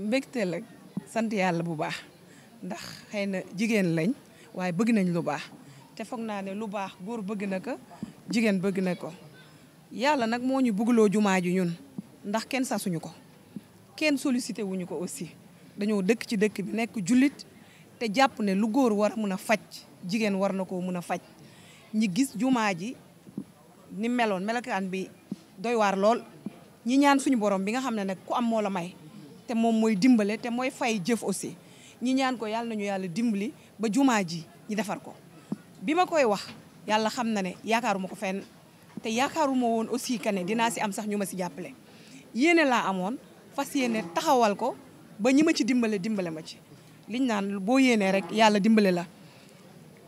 mbégte la sant yàlla bu baax ndax xëy na jigéen lañ waaye bëgg nañ lu baax te foog naa ne lu baax góor bëgg na ko jigéen bëgg na ko yàlla nag moo ñu bëggloo jumaa ji ñun ndax kenn sasuñu ko kenn sollicité wuñu ko aussi dañoo dëkk ci dëkk bi nekk jullit te jàpp ne lu góor war mun a faj jigéen war na koo mun a faj ñi gis jumaa ji ni meloon melokaan bi doy waar lool ñi ñaan suñu borom bi nga xam ne nag ku am moo la may te moom mooy dimbale te mooy fay jëf aussi ñi ñaan ko yàlla nañu yàlla dimbali ba jumaa ji ñi defar ko bi ma koy wax yàlla xam na ne yaakaaruma ko fenn te yaakaaruma woon aussi que ne dinaa si am sax ñu ma si jàppale yéene laa amoon fas yéene taxawal ko ba ñi ma ci dimbale dimbale ma ci liñ naan boo yéenee rek yàlla dimbale la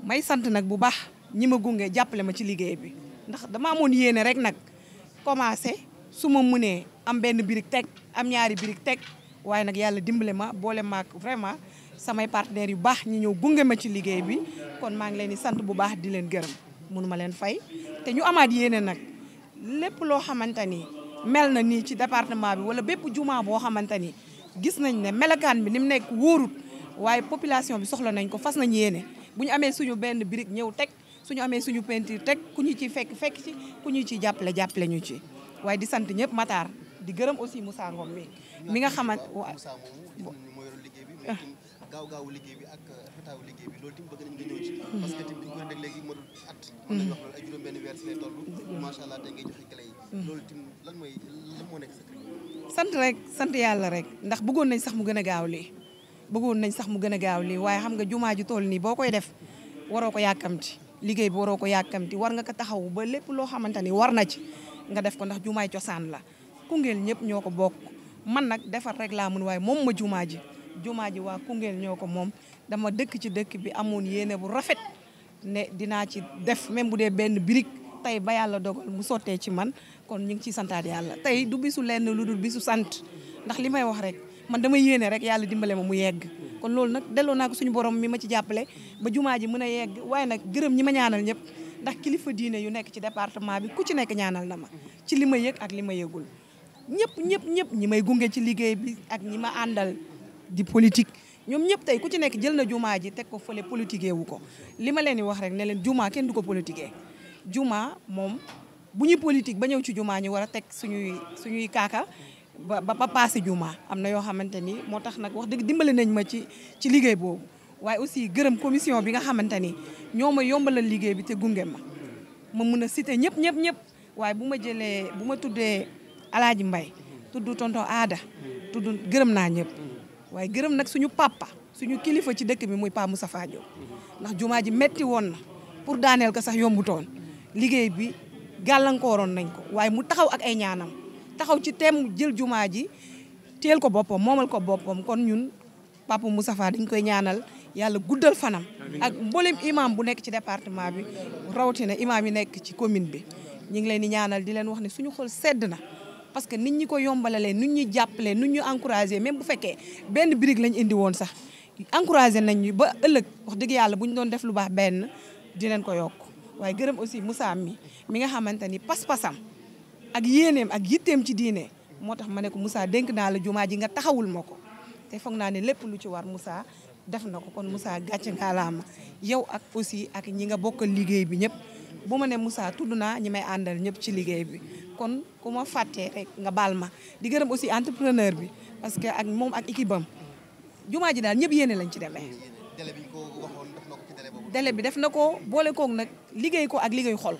may sant nag bu baax ñi ma gunge jàppale ma ci liggéey bi ndax dama amoon yéene rek nag commencé su ma munee am benn birig teg am ñaari birig teg waaye nag yàlla dimbale ma boole maak vraiment samay partenaires yu baax ñi ñëw gunge ma ci liggéey bi kon maa ngi leen di sant bu baax di leen gërëm mënu ma leen fay te ñu amaat yéene nag lépp loo xamante ni mel na ni ci département bi wala bépp jumaa boo xamante ni gis nañ ne melakaan bi ni mu nekk wóorut waaye population bi soxla nañ ko fas nañ yéene bu ñu amee suñu benn birig ñëw teg suñu amee suñu peinture teg ku ñu ci fekk fekk ci ku ñu ci jàppale jàppale ñu ci waaye di sant ñëpp Matar di gërëm aussi Moussa Ngom mi mi nga xamante gaaw gaaw liggéey bi ak xetaaw liggéey rek sant yàlla rek ndax bëggoon nañ sax mu gën a gaaw lii bëggoon nañ sax mu gën a gaaw lii waaye xam nga jumaa ju toll nii boo koy def waroo ko yàkkamti liggéey bi waroo ko yàkkamti war nga ko taxaw ba lépp loo xamante ni war na ci nga def ko ndax jumaay cosaan la Koungheul ñëpp ñoo ko bokk man nag defar rek laa mun waaye moom ma jumaa ji jumaa ji waa Koungheul ñoo ko moom dama dëkk ci dëkk bi amoon yéene bu rafet ne dinaa ci def même bu dee benn birig tey ba yàlla dogal mu sottee ci man kon ñu ngi ciy santaat yàlla tey du bisu lenn lu dul bisu sant ndax li may wax rek man dama yéene rek yàlla dimbale ma mu yegg kon loolu nag delloo naa ko suñu borom mi ma ci jàppale ba jumaa ji mën a yegg waaye nag gërëm ñi ma ñaanal ñëpp ndax kilifa diine yu nekk ci département bi ku ci nekk ñaanal na ma ci li ma yëg ak li ma yëgul ñëpp ñëpp ñëpp ñi may gunge ci liggéey bi ak ñi ma àndal di politique ñoom ñëpp tey ku ci nekk jël na jumaa ji teg ko fële politiqué wu ko li leen di wax rek ne leen jumaa kenn du ko politiqué jumaa moom bu ñu politique ba ñëw ci jumaa ñu war a teg suñuy suñuy kaaka ba ba passé jumaa am na yoo xamante ni moo tax nag wax dëgg dimbale nañ ma ci ci liggéey boobu waaye aussi gërëm commission bi nga xamante ni ñoo ma yombalal liggéey bi te gunge ma ma mun a citer ñëpp ñëpp ñëpp waaye bu ma jëlee bu ma tuddee alaaji mbay tudd tonto aada tudd gërëm naa ñëpp waaye gërëm nag suñu papa suñu kilifa ci dëkk bi muy Pa Moussa Fadio ndax jumaa ji metti woon na pour daaneel ko sax yombutoon liggéey bi gàllankooroon nañ ko waaye mu taxaw ak ay ñaanam taxaw ci teem jël jumaa ji teel ko boppam moomal ko boppam kon ñun papa Moustapha dañ koy ñaanal yàlla guddal fanam ak mboolem imam bu nekk ci département bi rawatina imam yi nekk ci commune bi ñu ngi leen di ñaanal di leen wax ne suñu xol sedd na parce que nit ñi ko yombalalee nit ñi jàppalee nit ñu encouragé même bu fekkee benn brique lañ indi woon sax encouragé nañ ñu ba ëllëg wax dëgg yàlla bu ñu doon def lu baax benn di leen ko yokk waaye gërëm aussi Moussa mi nga xamante ak yéeneem ak yitteem ci diine moo tax ma ne ko Moussa dénk naa la jumaa ji nga taxawul ma ko te foog naa ne lépp lu ci war Moussa def na ko kon Moussa gàcce nga laa ma yow ak aussi ak ñi nga bokkal liggéey bi ñëpp boo ma ne Moussa tudd naa ñi may àndal ñëpp ci liggéey bi kon ko ma fàtte rek nga baal ma di gërëm aussi entrepreneur bi parce que ak moom ak équipe jumaa ji daal ñëpp yéene lañ ci demee. délai bi def na ko boole kook nag liggéey ko ak liggéey xol.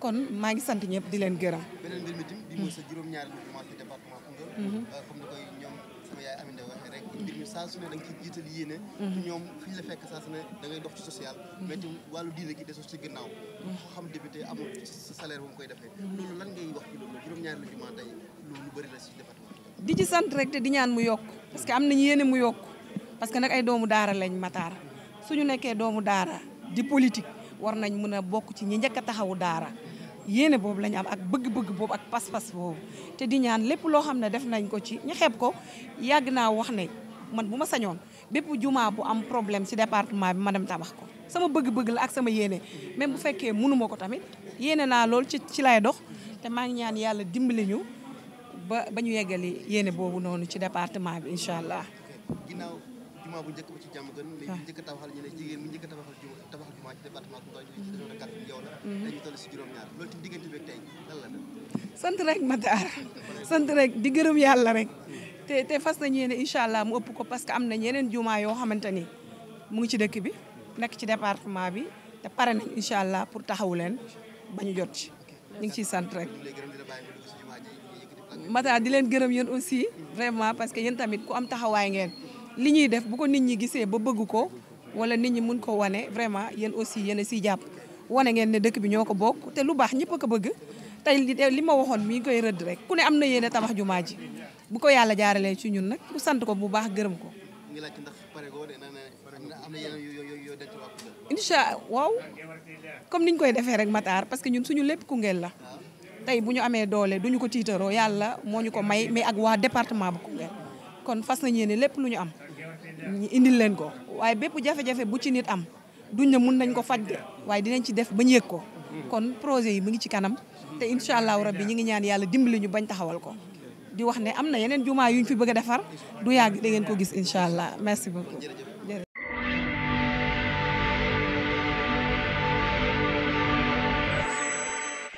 kon maa ngi sant ñëpp di leen gërëm. beneen mbir mi tim mooy sa juróom-ñaari mouvement ci département Koungheul. Mhm. Euh, comme ni koy ñoom sama yaay Aminata waxee rek. mbir mi saa su ne da mhm. fekk saa su ne da ngay dox ci social. Mhm. mais itam wàllu diine gi desul ci gannaaw. ku xam député amul sa salaire bu mu koy defee. loolu lan ngay wax ci loolu juróom-ñaari mouvement tey loolu bëri na ci département di ci sant rek te di ñaan mu yokk parce que am nañ yéene mu yokk parce que nag ay doomu daara lañ mataar suñu nekkee doomu daara di politique. war nañ mun a bokk ci ñi njëkk a taxawu daara yéene boobu la ñu am ak bëgg-bëgg boobu ak pas-pas boobu te di ñaan lépp loo xam ne def nañ ko ci ñu xeeb ko yàgg naa wax ne man bu ma sañoon bépp jumaa bu am problème ci département bi ma dem tabax ko sama bëgg-bëgg la ak sama yéene même bu fekkee mënuma ko tamit yéene naa lool ci ci lay dox te maa ngi ñaan yàlla dimbali ñu ba ba ñu yeggali yéene boobu noonu ci département bi incha allah. ginnaaw jumaa bu njëkk ba Mhm. sant rek Matar sant rek di gërëm yàlla rek te te fas nañu yéene incha allah mu ëpp ko parce que am na yeneen jumaa yoo xamante ni mu ngi ci dëkk bi nekk ci département bi te pare nañ incha allah pour taxawu leen ba ñu jot ñu ngi ciy sant rek Matar di leen gërëm yéen aussi vraiment parce que yéen tamit ko am taxawaay ngeen li ñuy def bu ko nit ñi gisee ba bëgg ko wala nit ñi mun ko wane vraiment yéen aussi yéen a siy jàpp wane ngeen ne dëkk bi ñoo ko bokk te lu baax ñëpp a ko bëgg tey li ma waxoon mi ngi koy rëdd rek ku ne am na yéene tabax jumaa ji bu ko yàlla jaaralee ci ñun nag bu sant ko bu baax gërëm ko. incha waaw comme ni ñu koy defee rek mataar parce que ñun suñu lépp Koungheul la tey bu ñu amee doole duñu ko tiitaroo yàlla moo ñu ko may mais ak waa département bu Koungheul kon fas nañ yéene lépp lu ñu am. ñu indil leen ko waaye bépp jafe-jafe bu ci nit am duñ ne mun nañ ko faj de waaye dinañ ci def ba ñu yëg ko kon projet yi mu ngi ci kanam te incha allahu rabbi ñu ngi ñaan yàlla dimbali ñu bañ taxawal ko di wax ne am na yeneen jumaa yuñ fi bëgg a defar du yàgg da ngeen ko gis incha allah merci beaucoup